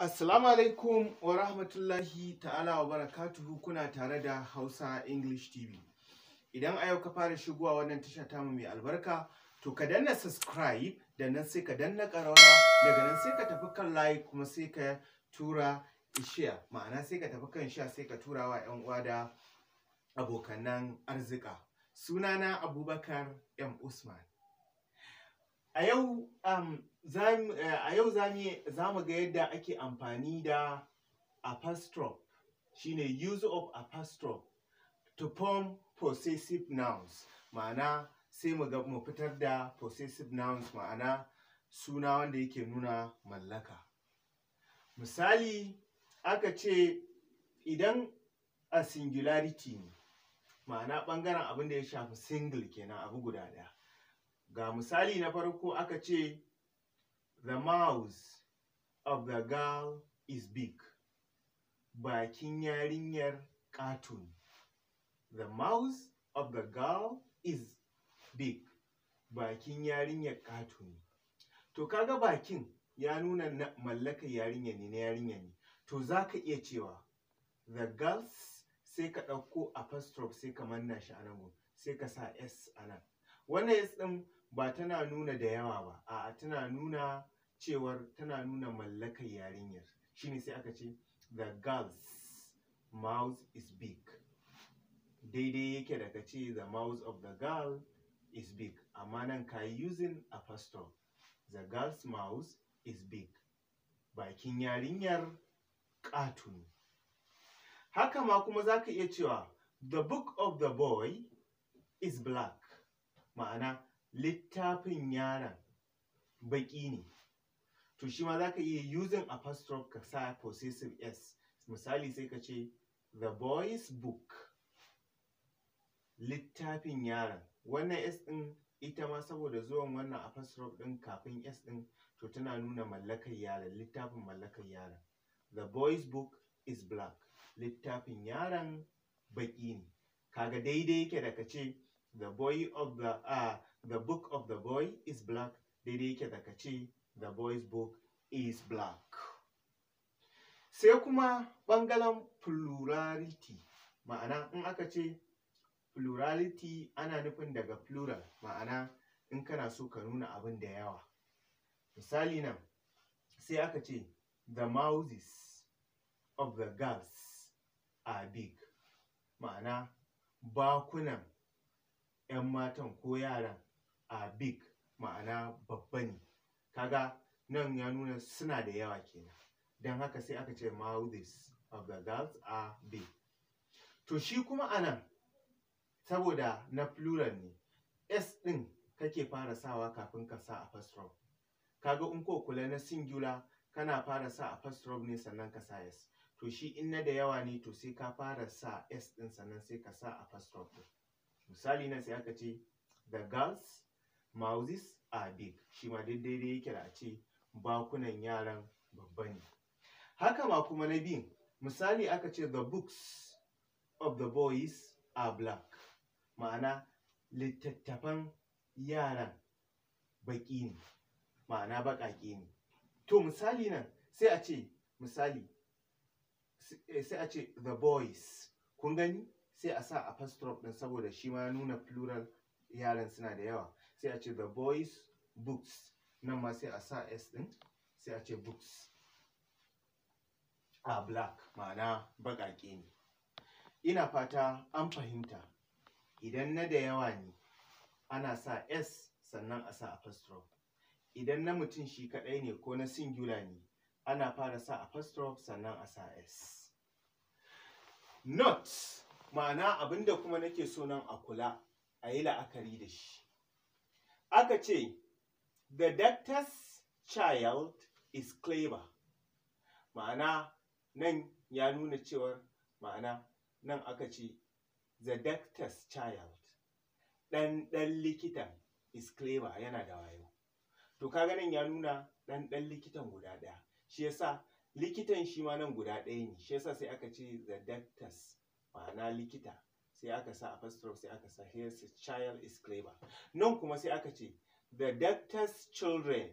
Assalamu alaikum wa rahmatullahi ta'ala wa barakatuhu kuna tare da Hausa English TV. Idan a yau ka fara shigowa wannan tasha mu mai albarka, to ka danna subscribe da nan sai ka danna karawa, daga nan sai ka tafi kan like kuma sai ka tura share ma'ana sai ka tafi kan share sai ka tura wa 'yan uwa da abokan nan arzika. Sunana Abubakar M. Usman. A yau um, Eh, a yau za mu ga yadda ake amfani da apostrophe shine use of apostrophe to form possessive nouns ma'ana sai mu ga mu fitar da possessive nouns ma'ana suna wanda yake nuna mallaka misali aka ce idan a singularity ne ma'ana ɓangaren abin da ya shafi single kenan abu guda ɗaya ga misali na farko aka ce The mouth of the girl is big. Bakin yarinyar katun The mouth of the girl is big. Bakin yarinyar katun. To kaga bakin ya nuna na mallakar yarinya ne na yarinya ne. To za ka iya cewa the girls sai ka ɗauko apostrophe sai ka manna shi a nan sai ka sa s a nan. Wannan s ɗin ba tana nuna da yawa ba a'a tana nuna cewar tana nuna mallakar yarinyar shine sai aka ce the girl's mouth is big daidai yake da ka ce the mouth of the girl is big amma nan ka yi using apostrophe the girl's mouth is big bakin yarinyar ƙato haka ma kuma za ka iya cewa the book of the boy is black ma'ana littafin yaron baƙi ne to shi ma za ka iya using apostrophe ka sa possessive s misali sai ka ce the boy's book littafin yaron wannan s ɗin ita ma saboda zuwan wannan apostrophe ɗin kafin s ɗin to tana nuna mallakar yaron littafin mallakar yaron the boy's book is black littafin yaran baƙi ne kaga daidai yake da ka ce the boy of the uh, the book of the boy is black daidai yake da ka ce the boy's book is black sai kuma ɓangaren plurality ma'ana in aka ce plurality ana nufin daga plural ma'ana in kana so ka nuna abin da yawa misali nan sai aka ce the mouths of the girls are big ma'ana bakunan 'yan matan ko yaran a big ma'ana babba ne kaga nan ya nuna suna da yawa kenan don haka sai aka ce mouths of the girls are big to shi kuma anan saboda na plural ne s din kake fara sawa kafin ka sa apostrophe kaga in ko kula na singular kana fara sa apostrophe ne sannan ka sa s to shi in na da yawa ne to sai ka fara sa s din sannan sai ka sa apostrophe misali na sai aka ce the girls Mouses are big shi ma duk da yake da a ce bakunan yaran babba ne. Haka ma kuma na biyun misali aka ce the books of the boys are black ma'ana littattafan yaran baƙi ne ma'ana baƙaƙe ne. To misali nan sai a ce misali eh, sai a ce the boys kun gani sai a sa apostrophe ɗin saboda shi ma nuna plural yaran suna da yawa sai a ce the boys books nan ma sai a sa s din sai a ce books a black ma'ana baƙaƙe ne ina fata an fahimta idan na da yawa ne ana sa s sannan a sa apostrophe idan na mutum shi kaɗai ne ko na singular ne ana fara sa apostrophe sannan a sa s not ma'ana abinda kuma nake so nan a kula a yi la'akari da shi aka ce the doctor's child is clever ma'ana nan ya nuna cewar ma'ana nan aka ce the doctor's child ɗan ɗan likitan is clever yana da wayo to kaga nan ya nuna ɗan ɗan likitan guda ɗaya shi yasa likitan shi ma nan guda ɗaya ne shi yasa sai aka ce the doctor's ma'ana likita sai aka sa apostrophe sai aka sa his child is clever nan kuma sai aka ce the doctor's children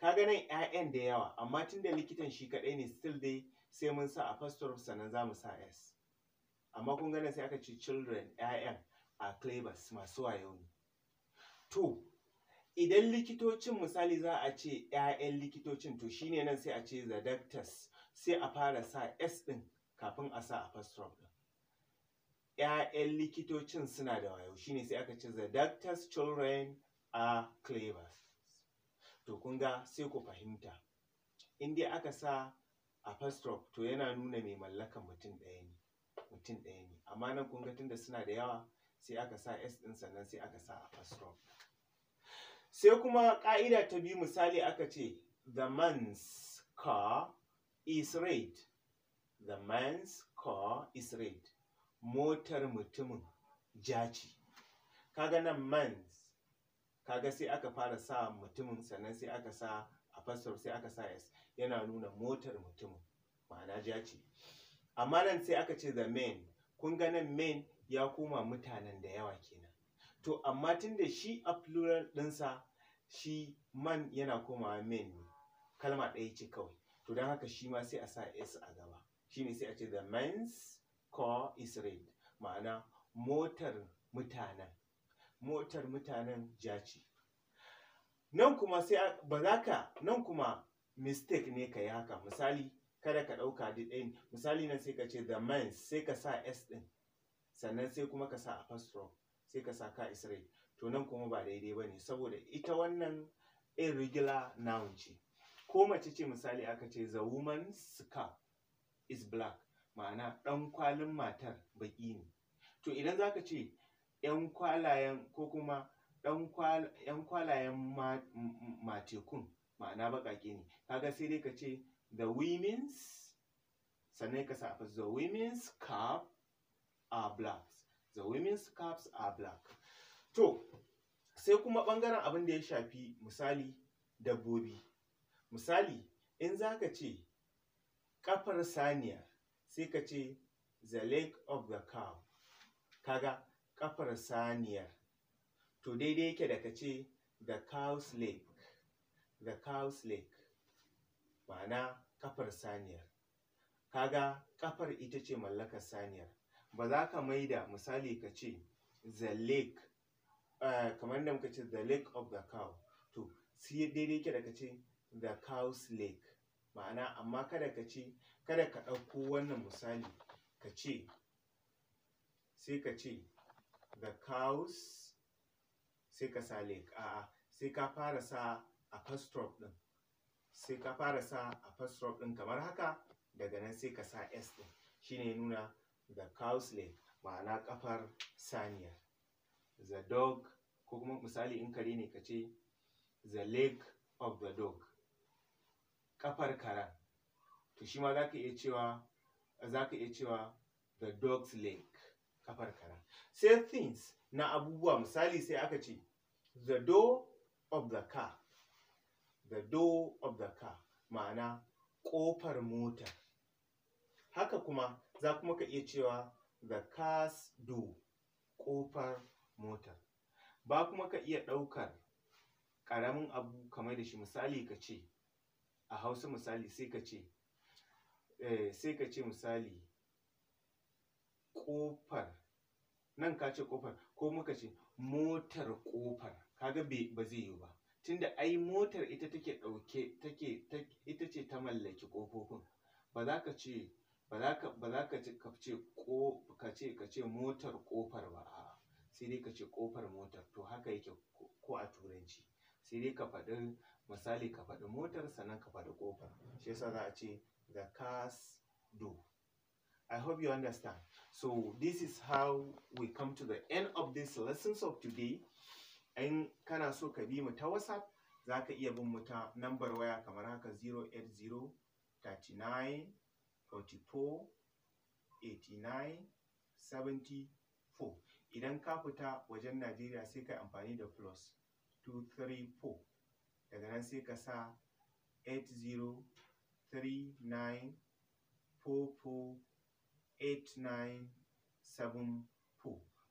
kaga nan 'ya'yan da yawa amma tunda likitan shi kaɗai ne still dai sai mun sa apostrophe sannan za mu sa s amma kun gane sai aka ce children 'ya'yan a clevers masu wayo ne to idan likitocin misali za a ce 'ya'yan likitocin to shine nan sai a ce the doctors sai a fara sa s ɗin kafin a sa a apostrophe 'ya'yan likitocin suna da wayo shine sai aka ce the doctor's children are clever to kun ga sai ku fahimta in dai aka sa apostrophe to yana nuna mai mallakan mutum ɗaya ne mutum ɗaya ne amma nan kun ga tunda suna da yawa sai aka sa s ɗin sannan sai aka sa apostrophe sai kuma ƙa'ida ta biyu misali aka ce the man's car is red the man's car is red motar mutumin jaci ce kaga nan man kaga sai aka fara sa mutumin sannan sai aka sa a fasar sai aka sa s yana nuna motar mutumin ma'ana jaci ce amma nan sai aka ce the main kun ga nan main ya koma mutanen da yawa kenan to amma tunda shi a plural ɗinsa shi man yana komawa main ne kalma ɗaya ce kawai to don haka shi ma sai a sa s a gaba Shi ne sai a ce the men's is Israel ma'ana motar mutanen motar mutanen ja nan kuma sai ba za ka nan kuma mistake ne ka yi haka misali kada ka ɗauka duk ɗaya, misali nan sai ka ce the man sai ka sa s ɗin sannan sai kuma ka sa apostrophe sai ka sa ka israel to nan kuma ba daidai ba ne saboda ita wannan irregular noun ce ko mace ce misali aka ce the woman's car is black ma'ana ɗan kwalin matar baƙi ne to idan za ka ce ‘yan kwalayen ko kuma ‘yan kwalayen matekun ma'ana baƙaƙe ne Ka ga sai dai ka ce the women's sannan ka sa the women's cup are black. the women's cups are black to sai kuma ɓangaren abin da ya shafi misali dabbobi misali in za ka ce ƙafar saniya sai ka ce the lake of the cow kaga kafar saniyar to daidai yake da ka ce the cow's lake" the cow's lake" ma'ana kafar saniyar kaga kafar ita ce mallakar saniyar ba za ka maida misali ka ce the lake" uh, eh, kamar da muka ce the lake of the cow to sai daidai yake da ka ce the cow's lake". ma'ana amma kada ka ce kada ka ɗauko wannan misali ka ce sai ka ce the cows sai ka sa leg. a'a sai ka fara sa apostrophe ɗin sai ka fara sa apostrophe ɗin kamar haka daga nan sai ka sa s ɗin shine nuna the cow's leg ma'ana ƙafar saniyar the dog ko kuma misali in kare ne ka ce the leg of the dog kafar karen to shi ma za ka iya cewa za ka iya cewa the dog's leg kafar karen sai things na abubuwa misali sai aka ce the door of the car the door of the car ma'ana ƙofar mota haka kuma za kuma ka iya cewa the car's door ƙofar mota ba kuma ka iya ɗaukar ƙaramin abu kamar da shi misali ka ce a hausa misali sai ka ce eh, sai ka ce misali ƙofar nan ka ce ƙofar ko muka ce motar ƙofar kaga ba zai yiwu ba tunda ai motar ita take ɗauke take ita ce ta mallaki ƙofofin ba za ka ce ba za ka ba za ka ce ka ce ko ka ce ka ce motar ƙofar ba a'a sai dai ka ce ƙofar motar to haka yake ko a turanci sai dai ka faɗi misali ka faɗi motar sannan ka faɗi ƙofar shi yasa za a ce the cars do I hope you understand. So this is how we come to the end of this lessons of today. In kana so ka bi mu ta WhatsApp, za ka iya bin mu ta number waya kamar haka 080 39 44 89 74. Idan ka fita wajen Najeriya sai ka amfani da plus 234 daga nan sai ka sa 8039448974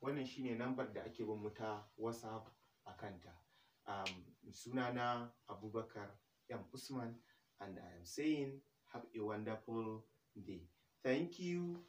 wannan shine nambar da ake bin muta ta whatsapp a kanta um, sunana abubakar m usman and i am saying have a wonderful day thank you